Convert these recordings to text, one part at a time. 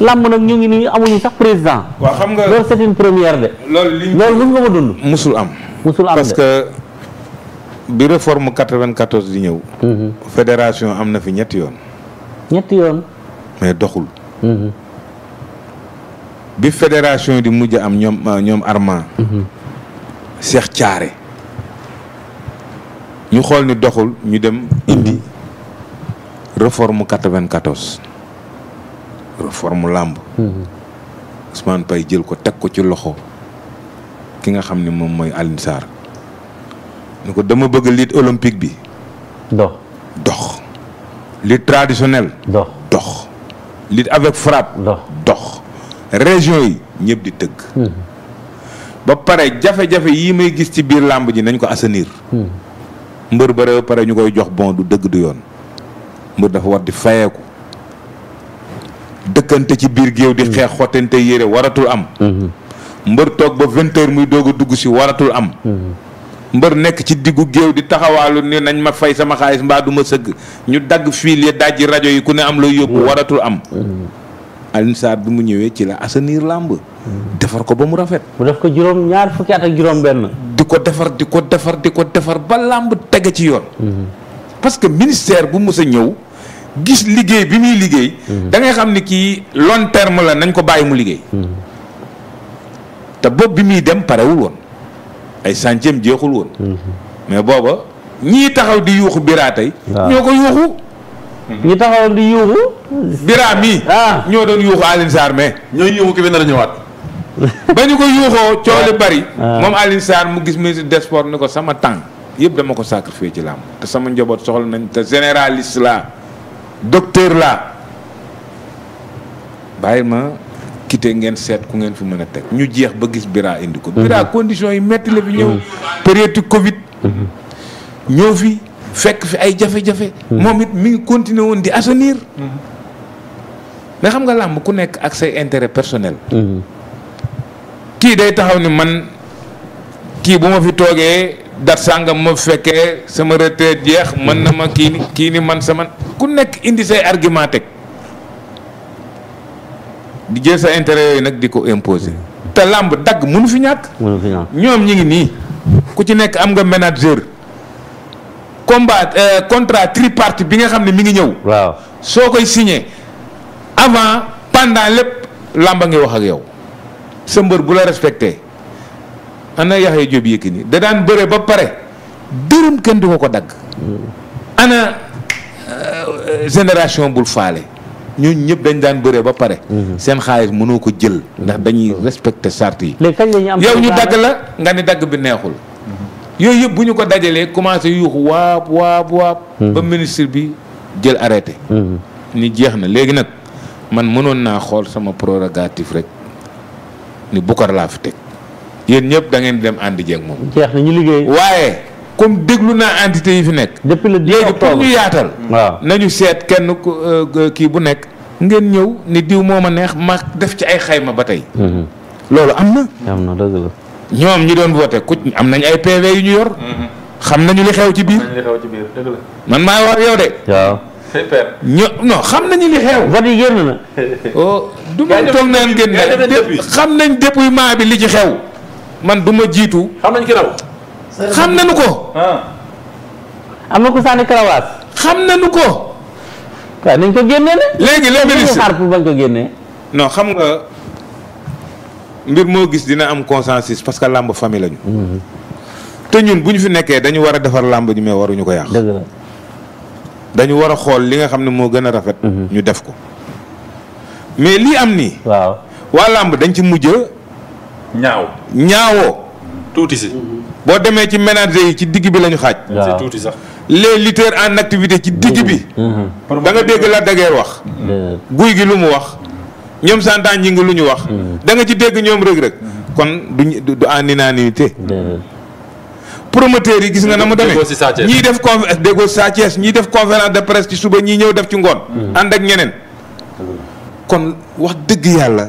làmb nag ñu ngi nii amuñu sax président. waaw xam nga loolu c'est première de. loolu li loolu mos nga ko dund. musul am. musul am parce que bi réforme 94 di ñëw. Mhm. fédération am na fi ñetti yoon. ñett yoon. mais doxul. Mhm. bi fédération di mujj am ñoom euh, ñoom Armand. Mhm. Cheikh Thiaré. ñu xool ni doxul ñu dem indi réforme 94. réforme làmb mm-hmm. Ousmane Paye jël ko teg ko ci loxo ki nga xam ni moom mooy Alioune Sarr ko dama bëgg liit olympique bi dox dox lutte traditionnelle dox dox lutte avec frappe dox région yi ñëpp di tëgg mm-hmm. ba pare jafe-jafe yi may gis ci biir làmb ji nañ ko assainir mm-hmm. mbër bare ba pare ñu koy jox bon du dëgg du yoon mbër dafa war di fayeeku dëkkante ci biir géew di xeex xottante yére waratul am mm-hmm. mbër toog ba vingt muy doog a dugg si waratul am mm-hmm. mbër nekk ci diggu géew di taxawaalu ne nañ ma fay sama xaalis mbaa du ma sëgg ñu dagg fiil ya dajj rajo yi ku ne am looy yóbbu mm-hmm. waratul am Alioune bi mu ñëwee ci la assainir làmb defar ko ba mu rafet mu def ko juróom ñaar fukki at ak juróom benn di ko defar di ko defar di ko defar ba làmb tege ci yoon parce que ministère bu mës a ñëw gis liggéey bi muy liggéey. Mm-hmm. da xam ni kii lon terme la nañ ko bàyyi mu liggéey. Mm-hmm. te bopp bi muy dem parewul woon ay sànceem jeexul woon. Mm-hmm. mais booba ñii taxaw di yuuxu biraa tey. ñoo ko yuuxu. ñi taxaw di ah. ñoo doon yuuxu Alioune Sarr mais. ñooy yuuxu ki bi nar a ñëwaat. ba ñu ko yuuxoo coow li ah. bari. Ah. moom Alioune mu gis ministre des sports ni ko sama temps yëpp dama ko sacrifié ci làmb te sama njoboot soxla nañ te généralist la docteur laa bàyyi ma quitté ngeen seet ku ngeen fi mën a teg ñu jeex ba gis Bira indi ko. Mhm. Bira condition yi metti la fi ñëw. Mhm. période Covid. Mhm. ñëw fi fekk fi ay jafe-jafe. moom it mi ngi continue woon di assainir. mais xam nga làmb ku nekk ak say intérêt personnel. kii day taxaw ni man kii bu ma fi toogee. dat sàngam ma fekkee sama retraite jeex mën na ma kii ni kii ni man sama ku nekk indi say argument teg di jël sa intérêt yooyu nag di ko imposer te làmb dagg mënu fi ñàkk ñoom ñi ngi nii ku ci nekk am nga manager combat euh, contrat tripartite bi nga xam ne mi ngi ñëw waaw soo koy signé avant pendant lépp làmba ngi wax ak yow sa mbër bu la respecté ana Yaxya Jóob Yékini da daan bëre ba pare dërëm kenn du ko ko dagg ana euh, génération bul faale ñooñu ñëpp dañ daan bëre ba pare. Mhm. seen xaalis mënoo ko jël. ndax mhm. dañuy mhm. respecté charte yi. léegi kañ la am yow ñu dagg la nga ni dagg bi neexul. yooyu yëpp bu ñu ko dajalee commencé yuuxu waab waab waab. ba ministre bi jël arrêté. ni jeex na léegi nag man mënoon naa xool sama prérogative rek ni Boucar laa fi teg. yéen ñëpp da ngeen dem àndi jeeg moom. jeex na ñu liggéey. waaye comme déglu naa entité yi fi nekk. depuis le 10 octobre léegi pour ñu yaatal. waaw nañu seet kenn euh, kii bu nekk. ngeen ñëw ni diw moo ma neex ma def ci ay xayma ba tey. Mhm. loolu am na. am na dëgg la. ñoom ñi doon voté ku am nañ ay PV yu ñu yor. Mhm. xam nañu li xew ci biir. li xew ci biir dëgg la. man maa wax yow de. xam nañu li xew. Oh, du ma toog naan génn na xam nañ dépouillement bi li ci xew. man du ma jiitu. xam nañ ki raw. xam nañu ko. Ah. am na ko sànni karawaas. xam nañu ko. waaw nañ ko génnee ne. léegi les ministres xaar pour bañ ko génnee. non xam nga mbir moo gis dina am consensus parce que làmb famille lañu. Mm-hmm. te ñun bu ñu fi nekkee dañu war a defar làmb ñi mais waruñu ko yàq. dëgg dañu war a xool li nga xam ne moo gën a rafet. Mm-hmm. ñu def ko mais lii am nii. waaw làmb dañ ci mujj ñaaw ñaawoo. tuuti si. boo demee ci ménager yi ci digg bi la ñu xaaj. c'est tuuti sax. les lutteurs en activité ci digg bi. da nga dégg la dageer wax. guy gi lu mu wax. ñoom santaan ñi ngi lu ñu wax. Mm. da nga ci dégg ñoom rëg rëg kon du du en unanimité. promoteurs yi gis nga na mu demee ñii def conf déggoo Sa Thiès ñii def conférence de presse ci suba ñii ñëw def ci ngoon. Mm. ànd ak ñeneen. kon wax dëgg yàlla.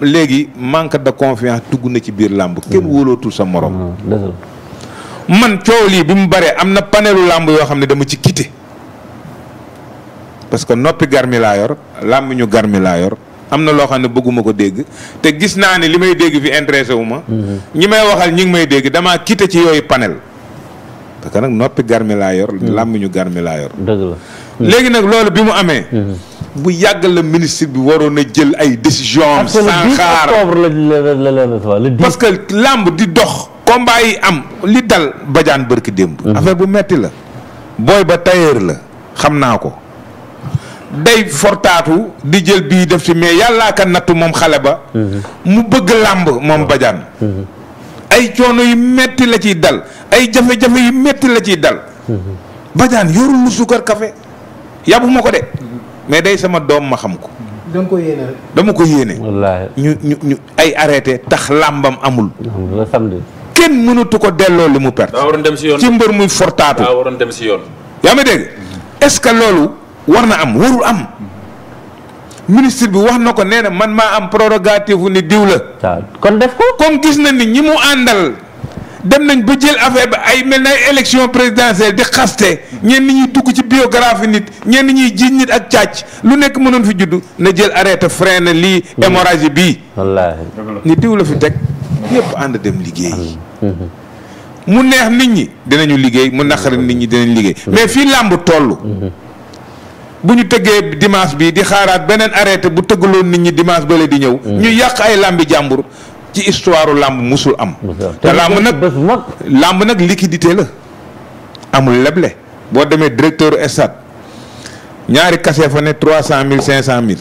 léegi manque de confiance tugg na ci biir làmb. kenn mm. wóolootul sa moroom mm, man coow lii bi mu baree am na panelu làmb yoo xam ne dama ci quitté parce que noppi garmi laa yor làmb ñu garmi laa yor am na loo xam ne bëgguma ko dégg te gis naa ne li may dégg fi intéressé wu ma. Mm-hmm. ñi may waxal ñi ngi may dégg damaa quitté ci yooyu panel parce nag noppi garmi yor. Mm. làmb ñu garmi laa léegi nag loolu bi mu amee. Mm-hmm. bu yàgg la ministre bi waroon a jël ay décision am sans xaar parce que làmb di dox combat yi am li dal bajaan bërki démb mhm. affaire bu metti la booy ba tailleur la xam naa ko day fortaatu di jël bii def ci mais yàllaa ka nattu moom xale ba mhm. mu bëgg làmb moom bajaan mhm. ay coono yu metti la ciy dal ay jafe-jafe yu metti la ciy dal bajaan yorul lu sukar café yàbbu ma ko de mais day sama doom ma xam ko. da nga dama ko yéene. wallaahi ñu ñu ñu ay arrêté tax làmbam amul. alhamdulilah samedi. kenn mënatu ko delloo li mu perte. si yoon ci mbër muy fortaatu. daa waroon dem si yoon. yaa ngi dégg est-ce que loolu war na am warul am ministre bi wax na ko nee na man maa am prérogative ni diw la. kon def ko. comme gis na ni ñi mu àndal. dem nañ ba jël affaire bi ay mel na élection présidentielle di xaste ñenn ñuy tukk ci biographie nit ñenn ñuy jiiñ nit ak càcc lu nekk mënoon fi juddu na jël arrêté freiné lii mmh. hémorragie bi wallaahi ni diw la fi teg ñëpp ànd dem liggéey mmh. Mmh. mu neex nit ñi dinañu liggéey mu naqari nit ñi dinañ liggéey mais fii làmb toll bu ñu tëggee dimanche bi di xaaraat beneen arrêté bu tëggaloon nit ñi dimanche bale di ñëw ñu yàq ay làmbi jàmbur ci histoire làmb musul am. te làmb nag làmb nag liquidité la amul leble boo demee directeur stade ñaari kase fa ne trois cent mille cinq cent mille.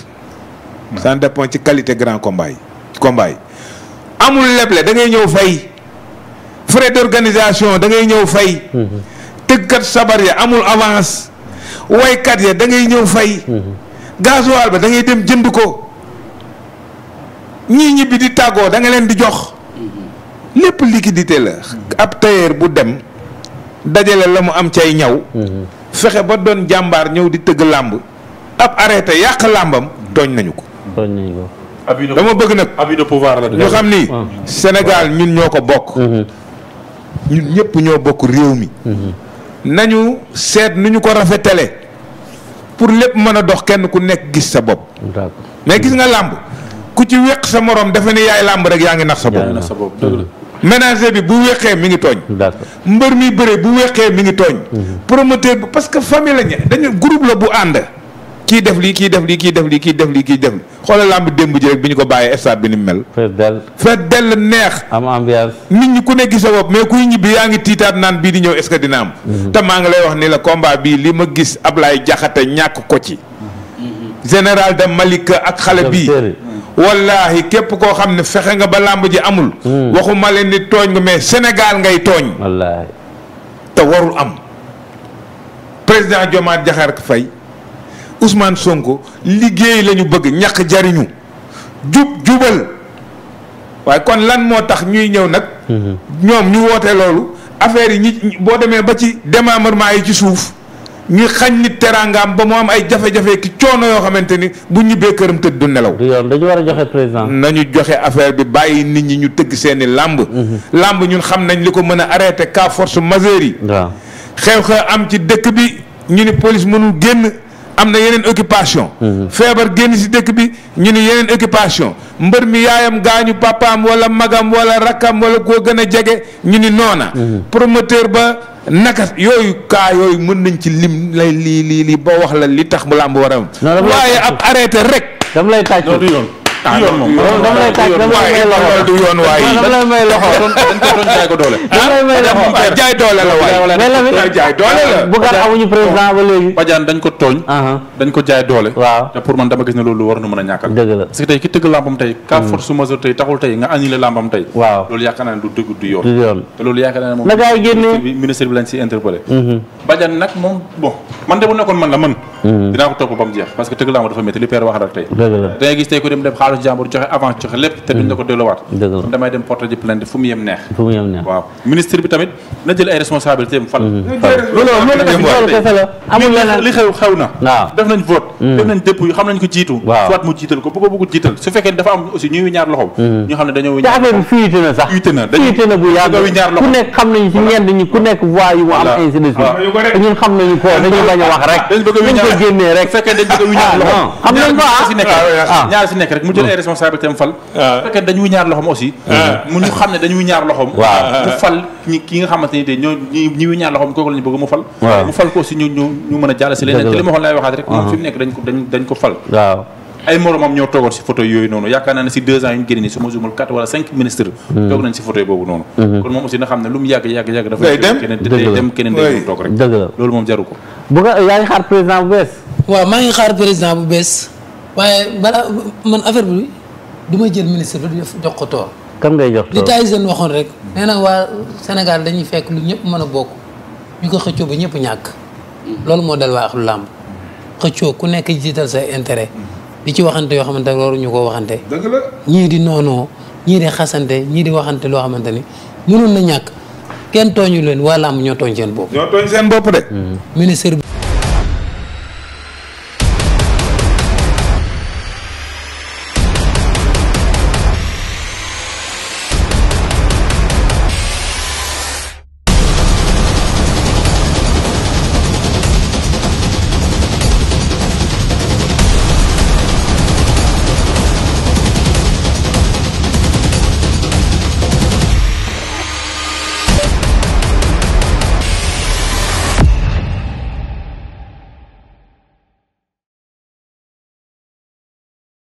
ça dépend ci qualité grand combat yi amul leble da ngay ñëw fay frais d'organisation da ngay ñëw fay. Mhm. tëggkat sabar ya amul avance waykat ya da ngay ñëw fay. Mhm. gasoil ba da dem jënd ko. ñii ñibbi di tàggoo da nga leen di jox lépp liquidité la ab tailleur bu dem dajale la mu am cay ñaw fexe ba doon jàmbaar ñëw di tëgg làmb ab arrêté yàq làmbam tooñ nañu ko tooñ nañu ko dama bëgg nag abus de pouvoir la ñu xam ni ah. Sénégal ñun ñoo ko bokk mm-hmm. ñun ñëpp ñoo bokk réew mi mm-hmm. nañu seet nu ñu ko rafetale pour lépp mën a dox kenn ku nekk gis sa bopp mais gis nga làmb ku ci wéq sa morom defe ne yaay làmb rek yaa ngi nax sa bopp ménager bi bu wéqee mi ngi tooñ mbër mi bëre bu wéqee mi ngi tooñ mhm. promoteur bi parce que famille la ñu dañu groupe la bu ànd kii def lii kii def lii kii def lii kii def lii kii def lii xoolal làmb démb ji rek bi ñu ko bàyyee stade bi ni mu mel fees dell fees dell nit ñi ku ne gis sa bopp mais kuy ñibbi yaa ngi tiitaat naan bii di ñëw est-ce que dina am mhm. maa ngi lay wax ni la combat bii li ma gis a Jaxate ñàkk ko ci mhm. général de Malika ak xale bii wallaahi képp koo xam ne fexe nga ba làmb ji amul. Hmm. waxuma leen ni tooñ nga mais Sénégal ngay tooñ. wallaahi te warul am président Diomaye Diakhar fay Ousmane Sonko liggéey la ñu bëgg ñàq jariñu jub jubal waaye kon lan moo tax ñuy ñëw nag. Hmm. ñoom ñu woote loolu affaire yi ñi boo demee ba ci démembrement yi ci suuf. ñu xañ nit teraangaam ba mu am ay jafe-jafe ki coono yoo xamante ni bu ñibbee këram tëdd du nelaw. du yoon dañu war a joxe président. nañu joxe affaire bi bàyyi nit ñi ñu tëgg seeni làmb mhm. làmb ñun xam nañ li ko mën a arrêté cas force majeure yi. xew-xew am ci dëkk bi ñu ni police mënul génn. am na yeneen occupation mhm. feebar génn ci dëkk bi ñu ni yeneen occupation mbër mi yaayam gaañu papaam wala magam wala rakkam wala koo gën a jege ñu ni noona mhm. promoteur ba naka yooyu kaa yooyu mën nañ ci lim lay lii lii lii ba wax la li tax mu làmb waram waaye ab arrêté rek. dam lay tàcc loolu yoon. ah yoon moom dama lay tàgg dama lay may loxo ah, du yoon waay dama lay may loxo kon ko doon jaay ko doole. dama lay may loxo jaay doole la waay. mais jaay doole la. bu gar amuñu président ba léegi. Ah, ah. gis ne loolu war na mën a ñàkkal. dëgg la parce que tey ki tëgg làmbam tey. ka hmm. force majeure tey taxul tey nga annulé làmbam tey. waaw loolu yaakaar naa ne du dëgg du yoon. te loolu yaakaar naa ne moom. ministre bi lañ si interpellé. Mm-hmm. Badiane nag moom man de bu nekkoon man la man Mm-hmm. dinaa ko topp ba mu jeex parce que tëgg dafa métti li père wax rek tey da gis tey ko dem dem xaalis jàmbur joxe avance joxe lépp te duñ la ko mm-hmm. damay dem porter ji fu mu yem neex fu mu yem neex ministre bi tamit na jël ay responsabilité mu fal li xew xew na def nañ vote mm-hmm. def nañ dëpp yu xam nañ ko jiitu soit mu jiital ko bu ko jiital su fekkee dafa am aussi ñuy wi ñaar ñu xam ne dañoo wi loxo ko génnee rek. fekkee dañ ah, ñaar loxo ah, xam ah. nekk rek mu hmm. aussi. mu ñu xam ne dañuy ñaar loxoom. waaw mu fal ki nga xamante ni tey ñoo ñi ñaar loxoom kooku la ñu bëgg mu fal. mu fal ko aussi ñu mën a jàll si leneen te li ma waxoon laay waxaat rek. moom fi mu nekk dañ ko dañ ko fal. waaw. ay moromam ñoo toogoon si photo yooyu noonu yaakaar naa ne si deux ans yu ñu génne nii su ma jumul quatre wala cinq ministres. Hmm. toog nañ si photo boobu noonu. Hmm. kon moom aussi na xam ne lu mu yàgg yàgg yàgg. dafay dem keneen loolu moom jaru ko. bu nga yaa ngi xaar président bu bees. waaw maa ngi xaar président bu bees waaye balaa man affaire bi du ma jël ministre bi jox ko toor. kan ngay jox toor li Tyson waxoon rek. nee na waa Sénégal dañuy fekk lu ñëpp mën a bokk ñu ko xëccoo ba ñëpp ñàkk. loolu moo dal waax lu làmb xëccoo ku nekk jiital sa intérêt di ci waxante yoo xamante ne waruñu ko waxante. dëgg ñii di noonoo ñii di xasante ñii di waxante loo xamante ni mënoon na ñàkk. kenn tooñu leen wala am ñoo tooñ seen bopp. ñoo tooñ seen bopp de. ministre